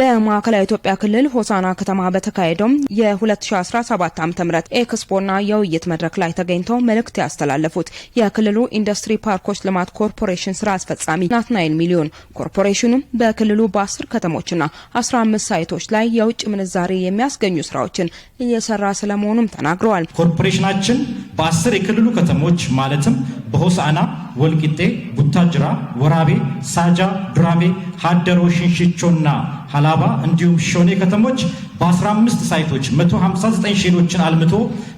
በማዕከላዊ ኢትዮጵያ ክልል ሆሳና ከተማ በተካሄደው የ2017 ዓ.ም ኤክስፖና የውይይት መድረክ ላይ ተገኝተው መልእክት ያስተላለፉት የክልሉ ኢንዱስትሪ ፓርኮች ልማት ኮርፖሬሽን ስራ አስፈጻሚ ናትናኤል ሚሊዮን ኮርፖሬሽኑ በክልሉ በአስር ከተሞችና 15 ሳይቶች ላይ የውጭ ምንዛሬ የሚያስገኙ ስራዎችን እየሰራ ስለመሆኑም ተናግረዋል። ኮርፖሬሽናችን በአስር የክልሉ ከተሞች ማለትም በሆሳና ወልቂጤ፣ ቡታጅራ፣ ወራቤ፣ ሳጃ፣ ዱራሜ፣ ሀደሮ፣ ሽንሽቾና ሀላባ እንዲሁም ሾኔ ከተሞች በ15 ሳይቶች 159 ሼዶችን አልምቶ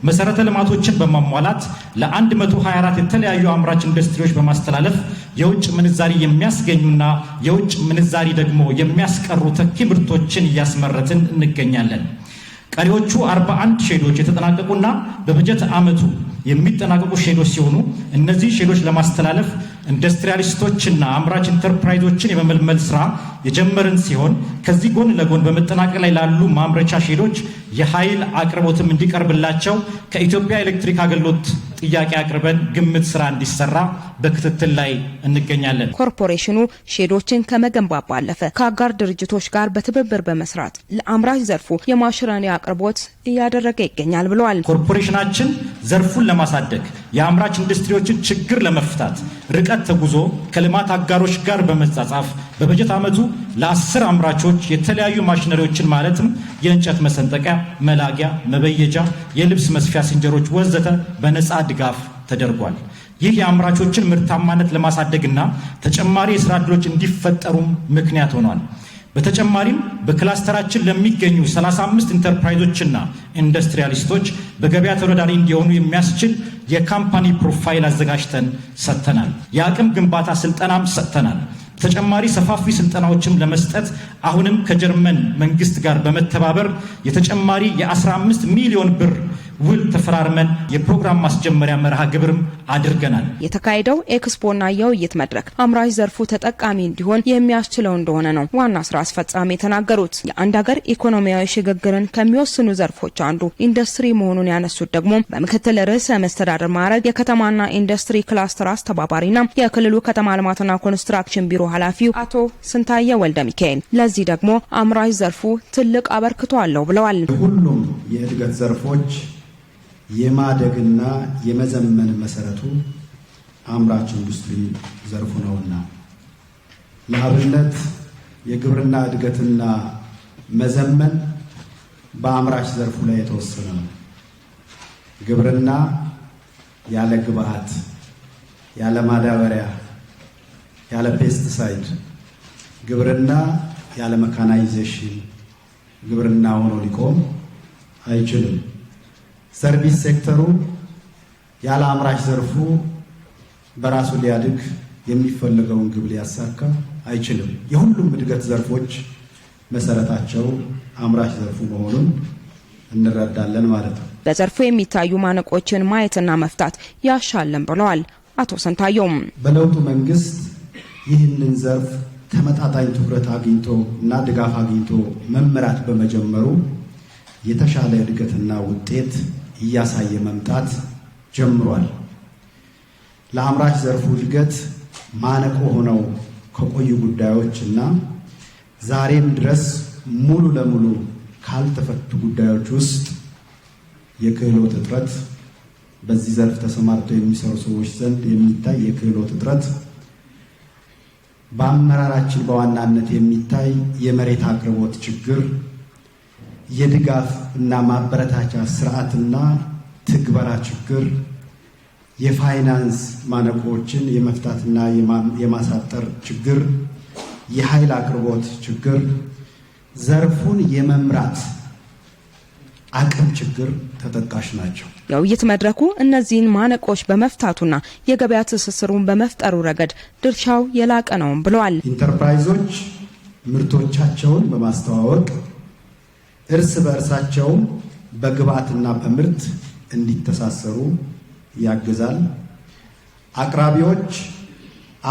መሰረተ ልማቶችን በማሟላት ለ124 የተለያዩ አምራች ኢንዱስትሪዎች በማስተላለፍ የውጭ ምንዛሪ የሚያስገኙና የውጭ ምንዛሪ ደግሞ የሚያስቀሩ ተኪ ምርቶችን እያስመረትን እንገኛለን። ቀሪዎቹ 41 ሼዶች የተጠናቀቁና በበጀት ዓመቱ የሚጠናቀቁ ሼዶች ሲሆኑ እነዚህ ሼዶች ለማስተላለፍ ኢንዱስትሪያሊስቶችና አምራች ኢንተርፕራይዞችን የመመልመል ስራ የጀመርን ሲሆን ከዚህ ጎን ለጎን በመጠናቀቅ ላይ ላሉ ማምረቻ ሼዶች የኃይል አቅርቦትም እንዲቀርብላቸው ከኢትዮጵያ ኤሌክትሪክ አገልግሎት ጥያቄ አቅርበን ግምት ስራ እንዲሰራ በክትትል ላይ እንገኛለን። ኮርፖሬሽኑ ሼዶችን ከመገንባት ባለፈ ከአጋር ድርጅቶች ጋር በትብብር በመስራት ለአምራች ዘርፉ የማሽረኔ አቅርቦት እያደረገ ይገኛል ብለዋል። ኮርፖሬሽናችን ዘርፉን ለማሳደግ የአምራች ኢንዱስትሪዎችን ችግር ለመፍታት ርቀት ተጉዞ ከልማት አጋሮች ጋር በመጻጻፍ በበጀት ዓመቱ ለአስር አምራቾች የተለያዩ ማሽነሪዎችን ማለትም የእንጨት መሰንጠቂያ፣ መላጊያ፣ መበየጃ፣ የልብስ መስፊያ፣ ሲንጀሮች ወዘተ በነፃ ድጋፍ ተደርጓል። ይህ የአምራቾችን ምርታማነት ለማሳደግና ተጨማሪ የስራ ዕድሎች እንዲፈጠሩም ምክንያት ሆኗል። በተጨማሪም በክላስተራችን ለሚገኙ 35 ኢንተርፕራይዞችና ኢንዱስትሪያሊስቶች በገበያ ተወዳዳሪ እንዲሆኑ የሚያስችል የካምፓኒ ፕሮፋይል አዘጋጅተን ሰጥተናል። የአቅም ግንባታ ስልጠናም ሰጥተናል። ተጨማሪ ሰፋፊ ስልጠናዎችም ለመስጠት አሁንም ከጀርመን መንግስት ጋር በመተባበር የተጨማሪ የ15 ሚሊዮን ብር ውል ተፈራርመን የፕሮግራም ማስጀመሪያ መርሃ ግብርም አድርገናል። የተካሄደው ኤክስፖና የውይይት መድረክ አምራች ዘርፉ ተጠቃሚ እንዲሆን የሚያስችለው እንደሆነ ነው ዋና ስራ አስፈጻሚ የተናገሩት። የአንድ ሀገር ኢኮኖሚያዊ ሽግግርን ከሚወስኑ ዘርፎች አንዱ ኢንዱስትሪ መሆኑን ያነሱት ደግሞ በምክትል ርዕሰ መስተዳደር ማዕረግ የከተማና ኢንዱስትሪ ክላስተር አስተባባሪና የክልሉ ከተማ ልማትና ኮንስትራክሽን ቢሮ ኃላፊው አቶ ስንታየ ወልደ ሚካኤል ለዚህ ደግሞ አምራች ዘርፉ ትልቅ አበርክቶ አለው ብለዋል። ሁሉም የእድገት ዘርፎች የማደግና የመዘመን መሰረቱ አምራች ኢንዱስትሪ ዘርፉ ነውና ለአብነት የግብርና እድገትና መዘመን በአምራች ዘርፉ ላይ የተወሰነ ነው። ግብርና ያለ ግብአት፣ ያለ ማዳበሪያ፣ ያለ ፔስቲሳይድ ግብርና ያለ መካናይዜሽን ግብርና ሆኖ ሊቆም አይችልም። ሰርቪስ ሴክተሩ ያለ አምራች ዘርፉ በራሱ ሊያድግ የሚፈልገውን ግብ ሊያሳካ አይችልም። የሁሉም እድገት ዘርፎች መሰረታቸው አምራች ዘርፉ መሆኑን እንረዳለን ማለት ነው። በዘርፉ የሚታዩ ማነቆችን ማየትና መፍታት ያሻለን ብለዋል አቶ ስንታየውም። በለውጡ መንግስት ይህንን ዘርፍ ተመጣጣኝ ትኩረት አግኝቶ እና ድጋፍ አግኝቶ መመራት በመጀመሩ የተሻለ እድገትና ውጤት እያሳየ መምጣት ጀምሯል። ለአምራች ዘርፉ እድገት ማነቆ ሆነው ከቆዩ ጉዳዮች እና ዛሬም ድረስ ሙሉ ለሙሉ ካልተፈቱ ጉዳዮች ውስጥ የክህሎት እጥረት በዚህ ዘርፍ ተሰማርተው የሚሰሩ ሰዎች ዘንድ የሚታይ የክህሎት እጥረት፣ በአመራራችን በዋናነት የሚታይ የመሬት አቅርቦት ችግር የድጋፍ እና ማበረታቻ ስርዓትና ትግበራ ችግር፣ የፋይናንስ ማነቆዎችን የመፍታትና የማሳጠር ችግር፣ የኃይል አቅርቦት ችግር፣ ዘርፉን የመምራት አቅም ችግር ተጠቃሽ ናቸው። የውይይት መድረኩ እነዚህን ማነቆች በመፍታቱና የገበያ ትስስሩን በመፍጠሩ ረገድ ድርሻው የላቀ ነውም ብለዋል። ኢንተርፕራይዞች ምርቶቻቸውን በማስተዋወቅ እርስ በእርሳቸውም በግብዓትና በምርት እንዲተሳሰሩ ያግዛል። አቅራቢዎች፣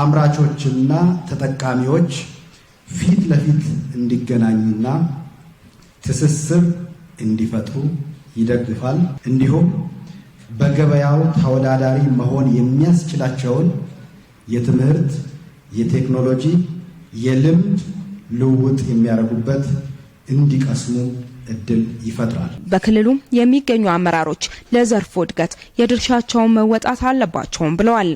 አምራቾችና ተጠቃሚዎች ፊት ለፊት እንዲገናኙና ትስስር እንዲፈጥሩ ይደግፋል። እንዲሁም በገበያው ተወዳዳሪ መሆን የሚያስችላቸውን የትምህርት፣ የቴክኖሎጂ፣ የልምድ ልውውጥ የሚያደርጉበት እንዲቀስሙ እድል ይፈጥራል። በክልሉም የሚገኙ አመራሮች ለዘርፉ እድገት የድርሻቸውን መወጣት አለባቸውም ብለዋል።